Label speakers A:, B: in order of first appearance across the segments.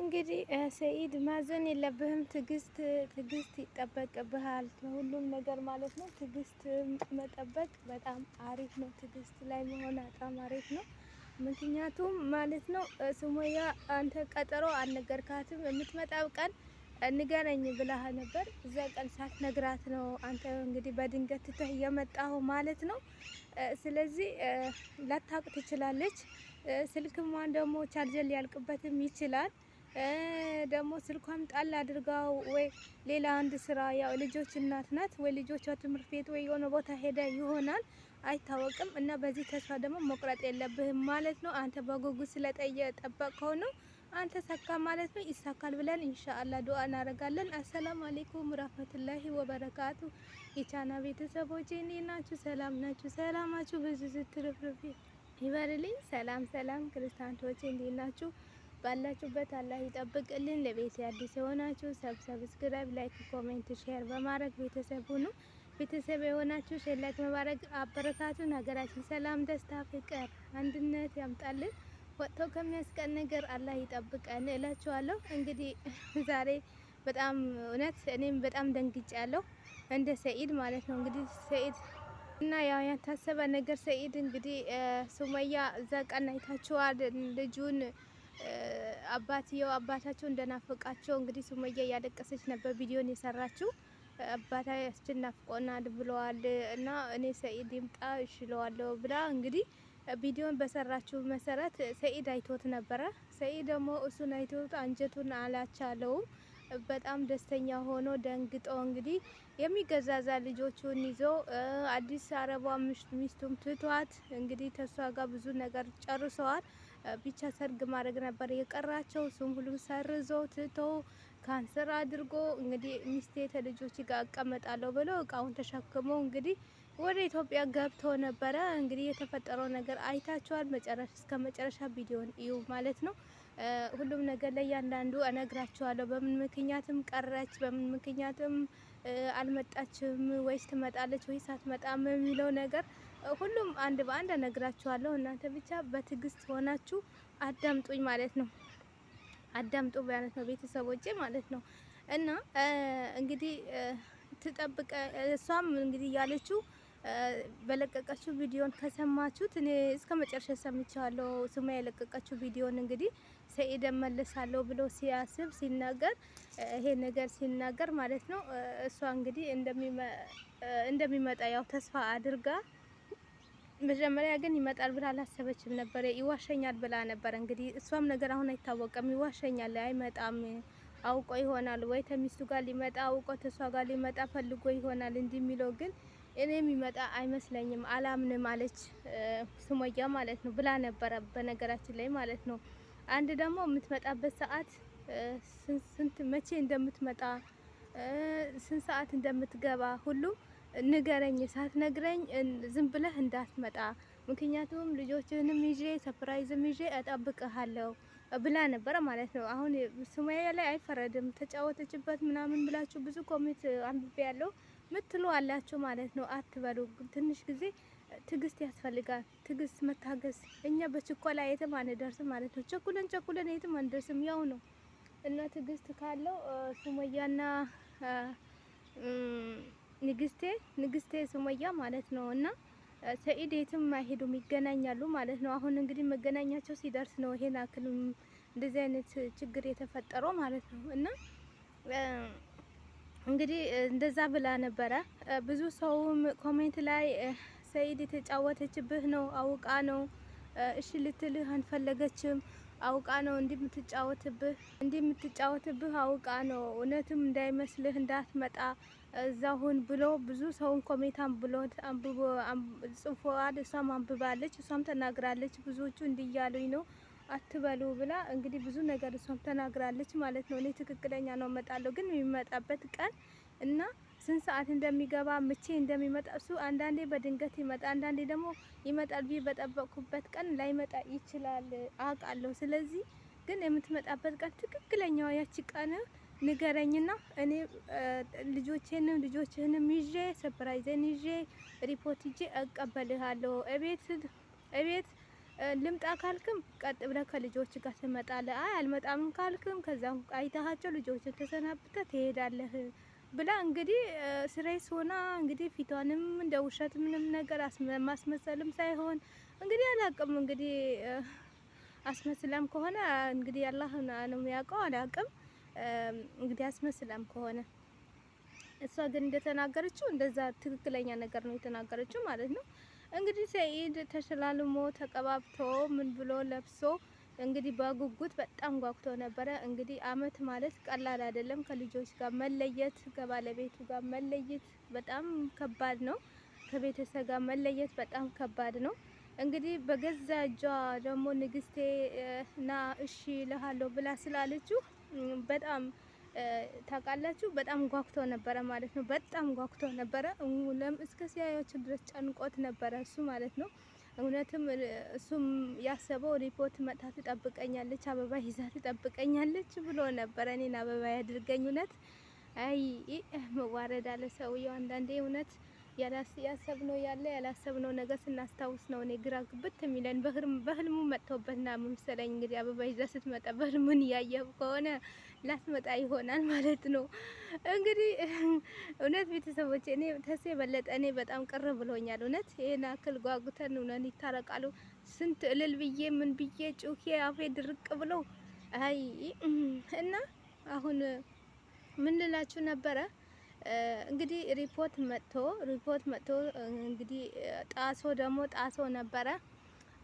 A: እንግዲህ ሰኢድ ማዘን የለብህም። ትግስት ትግስት ይጠበቅብሃል ሁሉም ነገር ማለት ነው። ትግስት መጠበቅ በጣም አሪፍ ነው። ትግስት ላይ መሆን በጣም አሪፍ ነው። ምክንያቱም ማለት ነው ሱመያ አንተ ቀጠሮ አልነገርካትም። የምትመጣው ቀን ንገረኝ ብላህ ነበር። እዛ ቀን ነግራት ነው አንተ እንግዲህ በድንገት ትተህ የመጣሁ ማለት ነው። ስለዚህ ላታውቅ ትችላለች። ስልክማን ደግሞ ቻርጀር ሊያልቅበትም ይችላል። ደግሞ ስልኳም ጣል አድርጋው ወይ ሌላ አንድ ስራ፣ ያው ልጆች እናት ናት ወይ ልጆቿ ትምህርት ቤት ወይ የሆነ ቦታ ሄደ ይሆናል አይታወቅም። እና በዚህ ተስፋ ደግሞ መቁረጥ የለብህም ማለት ነው። አንተ በጉጉት ስለጠበቅከው ነው። አንተ ሳካ ማለት ነው። ይሳካል ብለን ኢንሻአላ ዱአ እናደርጋለን። አሰላሙ አለይኩም ወራህመቱላሂ ወበረካቱ። የቻና ቤተሰቦቼ እንዴት ናችሁ? ሰላም ናችሁ? ሰላማችሁ ብዙ ስትርፍርፍ ይበርልኝ። ሰላም ሰላም ክርስቲያኖቼ እንዴት ናችሁ? ባላችሁበት አላህ ይጠብቅልን። ለቤት አዲስ የሆናችሁ ሰብ ሰብስክራይብ፣ ላይክ፣ ኮሜንት፣ ሼር በማድረግ ቤተሰብ ሁኑ። ቤተሰብ የሆናችሁ ሼር፣ ላይክ በማድረግ አበረታቱን። ሀገራችን ሰላም፣ ደስታ፣ ፍቅር፣ አንድነት ያምጣልን። ወጥተው ከሚያስቀን ነገር አላህ ይጠብቀን እላችኋለሁ። እንግዲህ ዛሬ በጣም እውነት እኔም በጣም ደንግጫለሁ፣ እንደ ሰኢድ ማለት ነው። እንግዲህ ሰኢድ እና ያው ያልታሰበ ነገር ሰኢድ እንግዲህ ሱመያ እዛ ቀን አይታችኋል ልጁን አባትየው አባታቸው እንደናፈቃቸው እንግዲህ ሱመያ እያለቀሰች ነበር ቪዲዮን የሰራችው። አባታችን ናፍቆናል ብለዋል እና እኔ ሰኢድ ይምጣ እሽለዋለሁ ብላ እንግዲህ ቪዲዮን በሰራችው መሰረት ሰኢድ አይቶት ነበረ። ሰኢድ ደግሞ እሱን አይቶት አንጀቱን አላቻለውም። በጣም ደስተኛ ሆኖ ደንግጦ እንግዲህ የሚገዛዛ ልጆቹን ይዞ አዲስ አረቧ ሚስቱም ትቷት እንግዲህ ተሷ ጋር ብዙ ነገር ጨርሰዋል። ብቻ ሰርግ ማድረግ ነበር የቀራቸው። እሱም ሁሉም ሰርዞ ትቶ ካንሰር አድርጎ እንግዲህ ሚስቴ ከልጆች ጋር እቀመጣለሁ ብሎ እቃውን ተሸክሞ እንግዲህ ወደ ኢትዮጵያ ገብቶ ነበረ። እንግዲህ የተፈጠረው ነገር አይታችኋል። መጨረሻ እስከ መጨረሻ ቪዲዮን እዩ ማለት ነው። ሁሉም ነገር ላይ እያንዳንዱ እነግራችኋለሁ። በምን ምክንያትም ቀረች፣ በምን ምክንያትም አልመጣችም ወይስ ትመጣለች ወይስ አትመጣም የሚለው ነገር ሁሉም አንድ በአንድ እነግራችኋለሁ። እናንተ ብቻ በትዕግስት ሆናችሁ አዳምጡኝ ማለት ነው። አዳምጡ ማለት ነው ቤተሰቦቼ ማለት ነው። እና እንግዲህ ትጠብቀ እሷም እንግዲህ ያለችው በለቀቀችው ቪዲዮን ከሰማችሁት እኔ እስከ መጨረሻ ሰምቻለሁ። ስሙ የለቀቀችው ቪዲዮን እንግዲህ ሰኢድን መለሳለሁ ብሎ ሲያስብ ሲናገር ይሄ ነገር ሲናገር ማለት ነው። እሷ እንግዲህ እንደሚመጣ ያው ተስፋ አድርጋ መጀመሪያ ግን ይመጣል ብላ አላሰበችም ነበር። ይዋሸኛል ብላ ነበር። እንግዲህ እሷም ነገር አሁን አይታወቅም። ይዋሸኛል፣ አይመጣም፣ አውቆ ይሆናል ወይ ተሚስቱ ጋር ሊመጣ አውቆ ተሷ ጋር ሊመጣ ፈልጎ ይሆናል እንጂ የሚለው ግን እኔ የሚመጣ አይመስለኝም፣ አላምን ማለች ሱመያ ማለት ነው ብላ ነበረ። በነገራችን ላይ ማለት ነው አንድ ደግሞ የምትመጣበት ሰዓት ስንት መቼ እንደምትመጣ ስንት ሰዓት እንደምትገባ ሁሉ ንገረኝ። ሳትነግረኝ ዝም ብለህ እንዳትመጣ፣ ምክንያቱም ልጆችህንም ይዤ ሰፕራይዝም ይዤ እጠብቅሃለሁ ብላ ነበረ ማለት ነው። አሁን ሱማያ ላይ አይፈረድም፣ ተጫወተችበት ምናምን ብላችሁ ብዙ ኮሜንት አንብቤ ያለው ምትሉ አላችሁ ማለት ነው። አትበሉ። ትንሽ ጊዜ ትግስት ያስፈልጋል። ትግስት፣ መታገስ። እኛ በችኮላ የትም አንደርስም ማለት ነው። ቸኩለን ቸኩለን የትም አንደርስም። ያው ነው። እና ትዕግስት ካለው ሱመያና ንግስቴ ንግስቴ ሱመያ ማለት ነው እና ሰኢድ የትም አይሄዱም፣ ይገናኛሉ ማለት ነው። አሁን እንግዲህ መገናኛቸው ሲደርስ ነው ይሄን አክል እንደዚህ አይነት ችግር የተፈጠረው ማለት ነው። እና እንግዲህ እንደዛ ብላ ነበረ። ብዙ ሰውም ኮሜንት ላይ ሰኢድ የተጫወተችብህ ነው አውቃ ነው እሺ ልትልህ አንፈለገችም። አውቃ ነው እንደምትጫወትብህ እንደምትጫወትብህ አውቃ ነው። እውነትም እንዳይመስልህ እንዳትመጣ እዛ ሁን ብሎ ብዙ ሰውን ኮሜንት ብሎ ጽፏል። እሷም አንብባለች፣ እሷም ተናግራለች። ብዙዎቹ እንዲያሉኝ ነው አትበሉ ብላ እንግዲህ ብዙ ነገር እሷም ተናግራለች ማለት ነው። እኔ ትክክለኛ ነው እመጣለሁ ግን የሚመጣበት ቀን እና ስንት ሰዓት እንደሚገባ ምቼ እንደሚመጣ እሱ አንዳንዴ በድንገት ይመጣ፣ አንዳንዴ ደግሞ ይመጣል ብዬ በጠበቅኩበት ቀን ላይመጣ ይችላል አውቃለሁ። ስለዚህ ግን የምትመጣበት ቀን ትክክለኛው ያቺ ቀን ንገረኝና እኔ ልጆቼንም ልጆችህንም ይዤ ሰፕራይዘን ይዤ ሪፖርት ይዤ እቀበልሃለሁ። እቤት እቤት ልምጣ ካልክም ቀጥ ብለህ ከልጆች ጋር ትመጣለህ። አይ አልመጣም ካልክም ከዛም አይተሃቸው ልጆችን ተሰናብተህ ትሄዳለህ። ብላ እንግዲህ ስሬስ ሆና እንግዲህ ፊቷንም እንደ ውሸት ምንም ነገር ማስመሰልም ሳይሆን እንግዲህ አላቅም እንግዲህ አስመስላም ከሆነ እንግዲህ ያላህ ነው የሚያውቀው። አላቅም እንግዲህ አስመስላም ከሆነ እሷ ግን እንደተናገረችው እንደዛ ትክክለኛ ነገር ነው የተናገረችው ማለት ነው። እንግዲህ ሰኢድ ተሸላልሞ ተቀባብቶ ምን ብሎ ለብሶ እንግዲህ በጉጉት በጣም ጓጉቶ ነበረ። እንግዲህ አመት ማለት ቀላል አይደለም። ከልጆች ጋር መለየት፣ ከባለቤቱ ጋር መለየት በጣም ከባድ ነው። ከቤተሰብ ጋር መለየት በጣም ከባድ ነው። እንግዲህ በገዛ እጇ ደግሞ ንግስቴ ና እሺ ልሃለሁ ብላ ስላለችው በጣም ታውቃላችሁ፣ በጣም ጓጉቶ ነበረ ማለት ነው። በጣም ጓጉቶ ነበረ። እስከ ሲያዩት ድረስ ጨንቆት ነበረ እሱ ማለት ነው። እውነትም እሱም ያሰበው ሪፖርት መጣ ትጠብቀኛለች፣ አበባ ይዛ ትጠብቀኛለች ብሎ ነበረ። እኔን አበባ ያድርገኝ። እውነት አይ መዋረድ አለ ሰውየው። አንዳንዴ እውነት ነው ያለ ያላሰብ ነው ነገር ስናስታውስ ነው እኔ ግራ ግብት የሚለን። በህልሙ መጥቶበት ና መሰለኝ እንግዲህ አበባ ይዛ ስትመጣ በህልሙን እያየሁ ከሆነ መጣ ይሆናል ማለት ነው። እንግዲህ እውነት ቤተሰቦች እኔ ተሴ የበለጠ እኔ በጣም ቅር ብሎኛል። እውነት ይህን አክል ጓጉተን ነን ይታረቃሉ። ስንት እልል ብዬ ምን ብዬ ጩኬ አፌ ድርቅ ብለው አይ እና አሁን ምን ልላችሁ ነበረ እንግዲህ ሪፖርት መጥቶ ሪፖርት መጥቶ እንግዲህ ጣሶ ደግሞ ጣሶ ነበረ።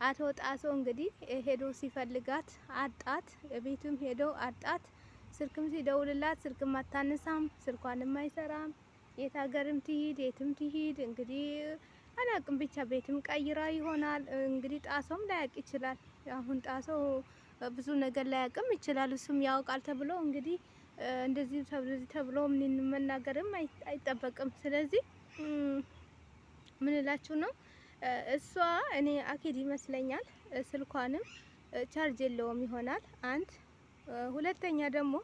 A: አቶ ጣሶ እንግዲህ ሄዶ ሲፈልጋት አጣት። ቤቱም ሄዶ አጣት። ስልክም ሲደውልላት ስልክም አታነሳም፣ ስልኳንም አይሰራም። የት ሀገርም ትሂድ የትም ትሂድ እንግዲህ አላቅም፣ ብቻ ቤትም ቀይራ ይሆናል እንግዲህ። ጣሰውም ላያቅ ይችላል። አሁን ጣሰው ብዙ ነገር ላያቅም ይችላል። እሱም ያውቃል ተብሎ እንግዲህ እንደዚህ ተብሎ ምን መናገርም አይጠበቅም። ስለዚህ ምን እላችሁ ነው እሷ እኔ አኬድ ይመስለኛል ስልኳንም ቻርጅ የለውም ይሆናል አንድ ሁለተኛ ደግሞ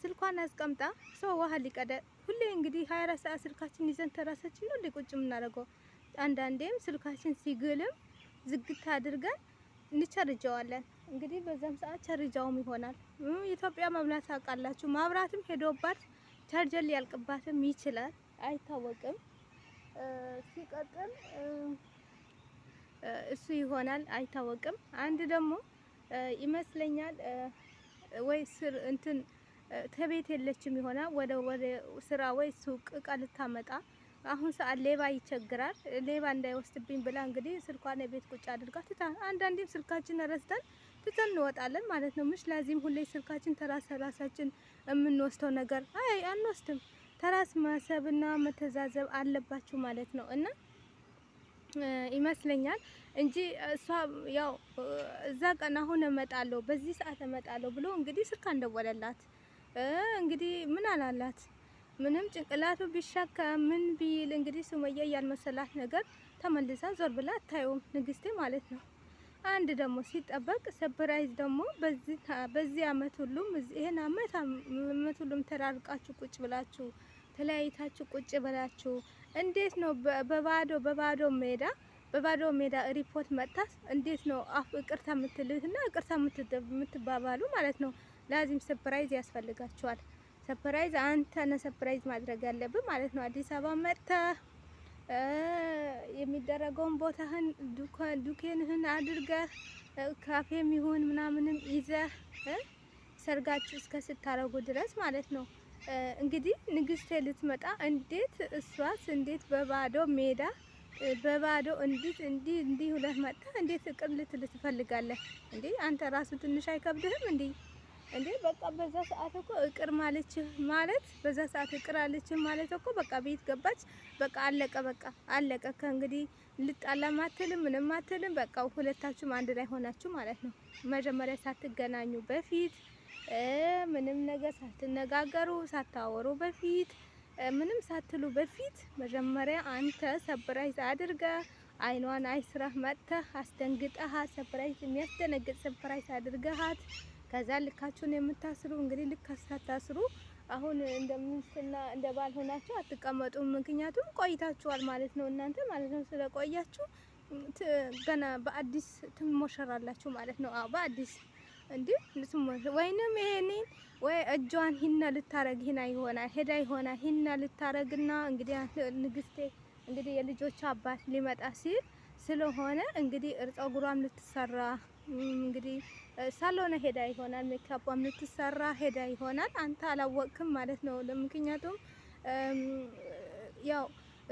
A: ስልኳን አስቀምጣ ሰው ውሃ ሊቀዳ ሁሌ እንግዲህ 24 ሰዓት ስልካችን ይዘን ተራሳችን ነው ቁጭ የምናደርገው። አንዳንዴም ስልካችን ሲግልም ዝግት አድርገን እንቸርጀዋለን። እንግዲህ በዛም ሰዓት ቸርጃውም ይሆናል። ኢትዮጵያ መብላት ታውቃላችሁ፣ ማብራትም ሄዶባት ቻርጀር ሊያልቅባትም ይችላል፣ አይታወቅም። ሲቀጥል እሱ ይሆናል፣ አይታወቅም። አንድ ደግሞ ይመስለኛል ወይ ስር እንትን ከቤት የለችም ይሆና ወደ ወደ ስራ ወይ ሱቅ እቃ ልታመጣ አሁን ሰዓት ሌባ ይቸግራል፣ ሌባ እንዳይወስድብኝ ብላ እንግዲህ ስልኳን የቤት ቁጭ አድርጋ ትታ፣ አንዳንዴም ስልካችን ረስተን ትተን እንወጣለን ማለት ነው። ምሽ ለዚህም ሁሌ ስልካችን ተራስ ራሳችን የምንወስደው ነገር አይ አንወስድም። ተራስ ማሰብና መተዛዘብ አለባችሁ ማለት ነው እና ይመስለኛል እንጂ እሷ ያው እዛ ቀን አሁን እመጣለሁ በዚህ ሰዓት እመጣለሁ ብሎ እንግዲህ ስልክ አንደወለላት። እንግዲህ ምን አላላት? ምንም ጭንቅላቱ ቢሻካ ምን ቢል እንግዲህ ሱመያ ያልመሰላት ነገር ተመልሳ ዞር ብላ አታየውም፣ ንግስቴ ማለት ነው። አንድ ደግሞ ሲጠበቅ ሰፕራይዝ ደግሞ በዚህ አመት ሁሉም ይሄን አመት ሁሉም ተራርቃችሁ ቁጭ ብላችሁ ተለያይታችሁ ቁጭ ብላችሁ እንዴት ነው በባዶ በባዶ ሜዳ በባዶ ሜዳ ሪፖርት መጥታስ እንዴት ነው አፍ ይቅርታ እና ይቅርታ የምትባባሉ ማለት ነው? ላዚም ሰፕራይዝ ያስፈልጋቸዋል። ሰፕራይዝ አንተ ነ ሰፕራይዝ ማድረግ ያለብን ማለት ነው። አዲስ አበባ መጥተህ የሚደረገውን ቦታህን ዱኬንህን አድርገህ ካፌም ይሁን ምናምንም ይዘህ ሰርጋችሁ እስከ ስታረጉ ድረስ ማለት ነው እንግዲህ ንግስቴ ልትመጣ እንዴት እሷስ እንዴት በባዶ ሜዳ በባዶ እንዲት እንዲህ እንዲህ ሁለት መጣ እንዴት እቅድ ልትል ትፈልጋለህ እንዴ? አንተ ራሱ ትንሽ አይከብድህም እንዴ? እንዴ በቃ በዛ ሰዓት እኮ እቅር ማለች ማለት በዛ ሰዓት እቅር አለች ማለት እኮ በቃ ቤት ገባች። በቃ አለቀ፣ በቃ አለቀ። ከእንግዲህ ልጣላም አትልም ምንም አትልም። በቃ ሁለታችሁም አንድ ላይ ሆናችሁ ማለት ነው መጀመሪያ ሳትገናኙ በፊት ምንም ነገር ሳትነጋገሩ ሳታወሩ በፊት ምንም ሳትሉ በፊት መጀመሪያ አንተ ሰብራይዝ አድርገ አይኗን አይስራህ መጥተህ አስደንግጠሃት፣ ሰብራይዝ የሚያስደነግጥ ሰብራይዝ አድርገሃት፣ ከዛ ልካችሁን የምታስሩ እንግዲህ ልክ ሳታስሩ አሁን እንደ ሚስትና እንደ ባል ሆናችሁ አትቀመጡ። ምክንያቱም ቆይታችኋል ማለት ነው እናንተ ማለት ነው። ስለቆያችሁ ገና በአዲስ ትሞሸራላችሁ ማለት ነው። አዎ በአዲስ እንዴ ልስሞ ወይንም ይሄኔ ወይ እጇን ሂና ልታረግ ሂና ይሆናል ሄዳ ይሆናል ሂና ልታረግና እንግዲህ ንግስቴ እንግዲህ የልጆች አባት ሊመጣ ሲል ስለሆነ እንግዲህ ጸጉሯም ልትሰራ እንግዲህ ሳሎነ ሄዳ ይሆናል። ሜካቧም ልትሰራ ሄዳ ይሆናል። አንተ አላወቅክም ማለት ነው። ምክንያቱም ያው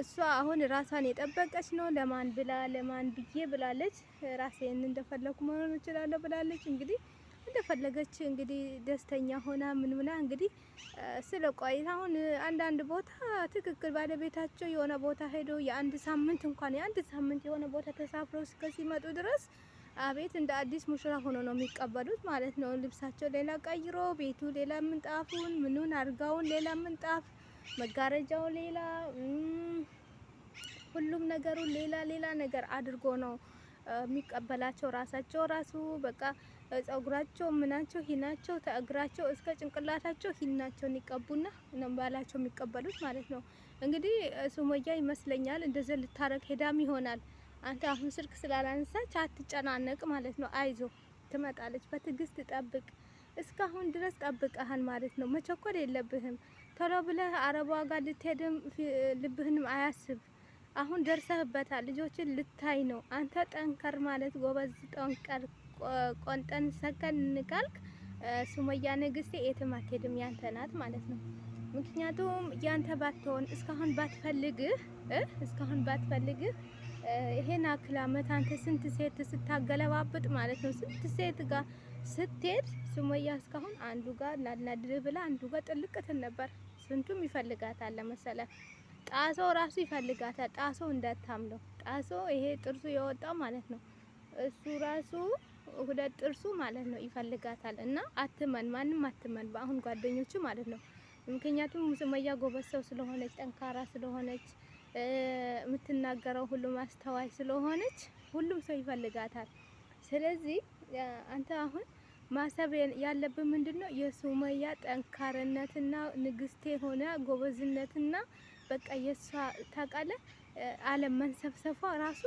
A: እሷ አሁን ራሷን የጠበቀች ነው። ለማን ብላ ለማን ብዬ ብላለች። ራሴን እንደፈለኩ መሆን እችላለሁ ብላለች እንግዲህ እንደፈለገች እንግዲህ ደስተኛ ሆና ምን ምና እንግዲህ ስለ ቆይታ አሁን አንዳንድ ቦታ ትክክል ባለቤታቸው የሆነ ቦታ ሄዶ የአንድ ሳምንት እንኳን የአንድ ሳምንት የሆነ ቦታ ተሳፍረው እስከ ሲመጡ ድረስ አቤት እንደ አዲስ ሙሽራ ሆኖ ነው የሚቀበሉት ማለት ነው። ልብሳቸው ሌላ ቀይሮ፣ ቤቱ ሌላ ምንጣፉን፣ ምኑን፣ አርጋውን ሌላ ምንጣፍ፣ መጋረጃው ሌላ፣ ሁሉም ነገሩ ሌላ ሌላ ነገር አድርጎ ነው የሚቀበላቸው። ራሳቸው ራሱ በቃ ጸጉራቸው፣ ምናቸው፣ ሂናቸው ከእግራቸው እስከ ጭንቅላታቸው ሂናቸውን ይቀቡና ባላቸው የሚቀበሉት ማለት ነው። እንግዲህ ሱመያ ይመስለኛል እንደዚ ልታረግ ሄዳም ይሆናል። አንተ አሁን ስልክ ስላላነሳች አትጨናነቅ ማለት ነው። አይዞ ትመጣለች፣ በትዕግስት ጠብቅ። እስካሁን ድረስ ጠብቀሃል ማለት ነው። መቸኮል የለብህም። ቶሎ ብለህ አረቧ ጋር ልትሄድም ልብህንም አያስብ። አሁን ደርሰህበታል። ልጆችን ልታይ ነው። አንተ ጠንከር ማለት ጎበዝ፣ ጠንቀር ቆንጠን ሰከን እንካልክ ሱመያ ንግስቴ የትም አትሄድም፣ ያንተ ናት ማለት ነው። ምክንያቱም ያንተ ባትሆን እስካሁን ባትፈልግህ እስካሁን ባትፈልግህ ይሄን አክል አመት አንተ ስንት ሴት ስታገለባብጥ ማለት ነው ስንት ሴት ጋር ስትሄድ ሱመያ እስካሁን አንዱ ጋር ላናድርህ ብላ አንዱ ጋር ጥልቅትን ነበር። ስንቱም ይፈልጋታል ለመሰለ ጣሶ ራሱ ይፈልጋታል። ጣሶ እንዳታምለው ጣሶ ይሄ ጥርሱ የወጣው ማለት ነው እሱ ራሱ ሁለት ጥርሱ ማለት ነው ይፈልጋታል። እና አትመን ማንም አትመን በአሁን ጓደኞቹ ማለት ነው። ምክንያቱም ሱመያ ጎበዝ ሰው ስለሆነች ጠንካራ ስለሆነች የምትናገረው ሁሉ ማስተዋይ ስለሆነች ሁሉም ሰው ይፈልጋታል። ስለዚህ አንተ አሁን ማሰብ ያለብን ምንድን ነው የሱመያ ጠንካርነትና ንግስት የሆነ ጎበዝነትና በቃ የሷ ታውቃለህ አለም መንሰብሰፏ ራሱ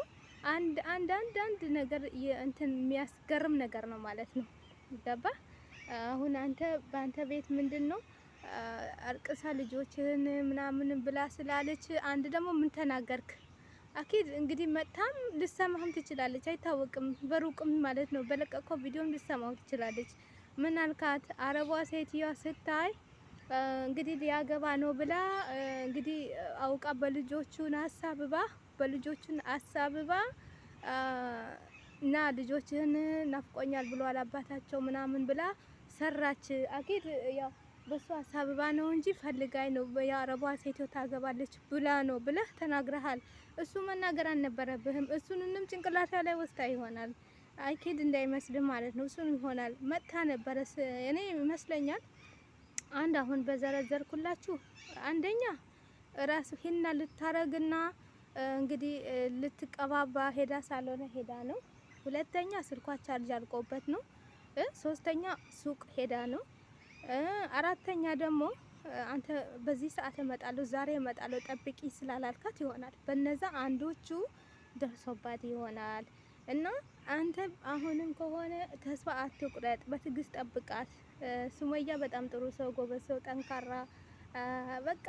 A: አንድ አንድ አንድ አንድ ነገር እንትን የሚያስገርም ነገር ነው ማለት ነው። ገባ አሁን አንተ በአንተ ቤት ምንድን ነው አርቅሳ ልጆችህን ምናምን ብላ ስላለች፣ አንድ ደግሞ ምን ተናገርክ? አኪድ እንግዲህ መጥታም ልሰማህም ትችላለች፣ አይታወቅም። በሩቅም ማለት ነው በለቀቀው ቪዲዮም ልሰማው ትችላለች። ምን አልካት? አረቧ ሴትዮዋ ስታይ እንግዲህ ሊያገባ ነው ብላ እንግዲህ አውቃ በልጆቹን ሀሳብ በልጆችን አሳብባ እና ልጆችህን ናፍቆኛል ብሏል አባታቸው ምናምን ብላ ሰራች። አኪድ ያው በሱ አሳብባ ነው እንጂ ፈልጋይ ነው የአረቧ ሴትዮ ታገባለች ብላ ነው ብለህ ተናግረሃል። እሱ መናገር አልነበረብህም። እሱንንም ጭንቅላቷ ላይ ወስታ ይሆናል አኪድ እንዳይመስልህ ማለት ነው። እሱን ይሆናል መጥታ ነበረ እኔ ይመስለኛል አንድ አሁን በዘረዘርኩላችሁ አንደኛ ራስ ሂና ልታረግና እንግዲህ ልትቀባባ ሄዳ ሳልሆነ ሄዳ ነው። ሁለተኛ ስልኳ ቻርጅ አልቆበት ነው። ሶስተኛ ሱቅ ሄዳ ነው። አራተኛ ደግሞ አንተ በዚህ ሰዓት እመጣለሁ፣ ዛሬ እመጣለሁ ጠብቂ ስላላልካት ይሆናል። በነዛ አንዶቹ ደርሶባት ይሆናል። እና አንተ አሁንም ከሆነ ተስፋ አትቁረጥ፣ በትዕግስት ጠብቃት። ሱመያ በጣም ጥሩ ሰው፣ ጎበዝ ሰው፣ ጠንካራ በቃ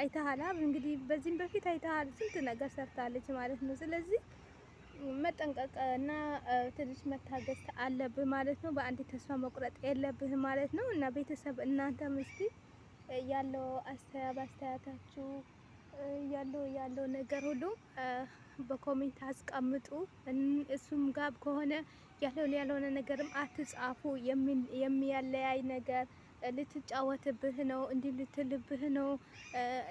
A: አይተሃላ እንግዲህ በዚህም በፊት አይተሃል፣ ስንት ነገር ሰርታለች ማለት ነው። ስለዚህ መጠንቀቅ እና ትንሽ መታገስ አለብህ ማለት ነው። በአንድ ተስፋ መቁረጥ የለብህ ማለት ነው። እና ቤተሰብ እናንተ ምስቲ ያለው አስተያየት አስተያየታችሁ ያለው ያለው ነገር ሁሉ በኮሜንት አስቀምጡ። እሱም ጋብ ከሆነ ያለውን ያለሆነ ነገርም አትጻፉ። የሚያለያይ ነገር ልትጫወትብህ ነው፣ እንዲህ ልትልብህ ነው፣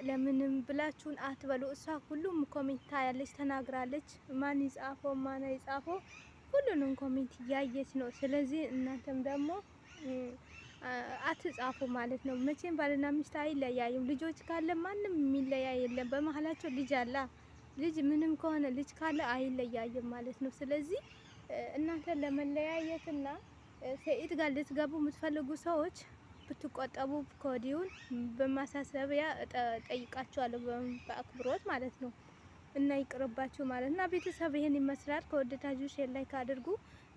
A: ለምንም ብላችሁን አትበሉ። እሷ ሁሉም ኮሜንት ታያለች፣ ተናግራለች። ማን ይጻፈው ማን አይጻፈው ሁሉንም ኮሜንት እያየች ነው። ስለዚህ እናንተም ደግሞ አትጻፉ ማለት ነው። መቼም ባልና ሚስት አይለያዩም። ልጆች ካለ ማንም የሚለያ የለም። በመሀላቸው ልጅ አላ ልጅ ምንም ከሆነ ልጅ ካለ አይለያይም ማለት ነው። ስለዚህ እናንተ ለመለያየትና ሰኢድ ጋር ልትገቡ የምትፈልጉ ሰዎች ብትቆጠቡ ከወዲሁን በማሳሰቢያ ጠይቃችኋለሁ፣ በአክብሮት ማለት ነው። እና ይቅርባችሁ ማለት እና ቤተሰብ ይህን ይመስላል። ከወደታችሁ ሼር ላይክ አድርጉ።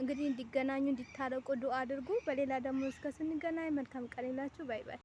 A: እንግዲህ እንዲገናኙ እንዲታረቁ ዱአ አድርጉ። በሌላ ደግሞ እስከ ስንገናኝ መልካም ቀን ይላችሁ። ባይ ባይ።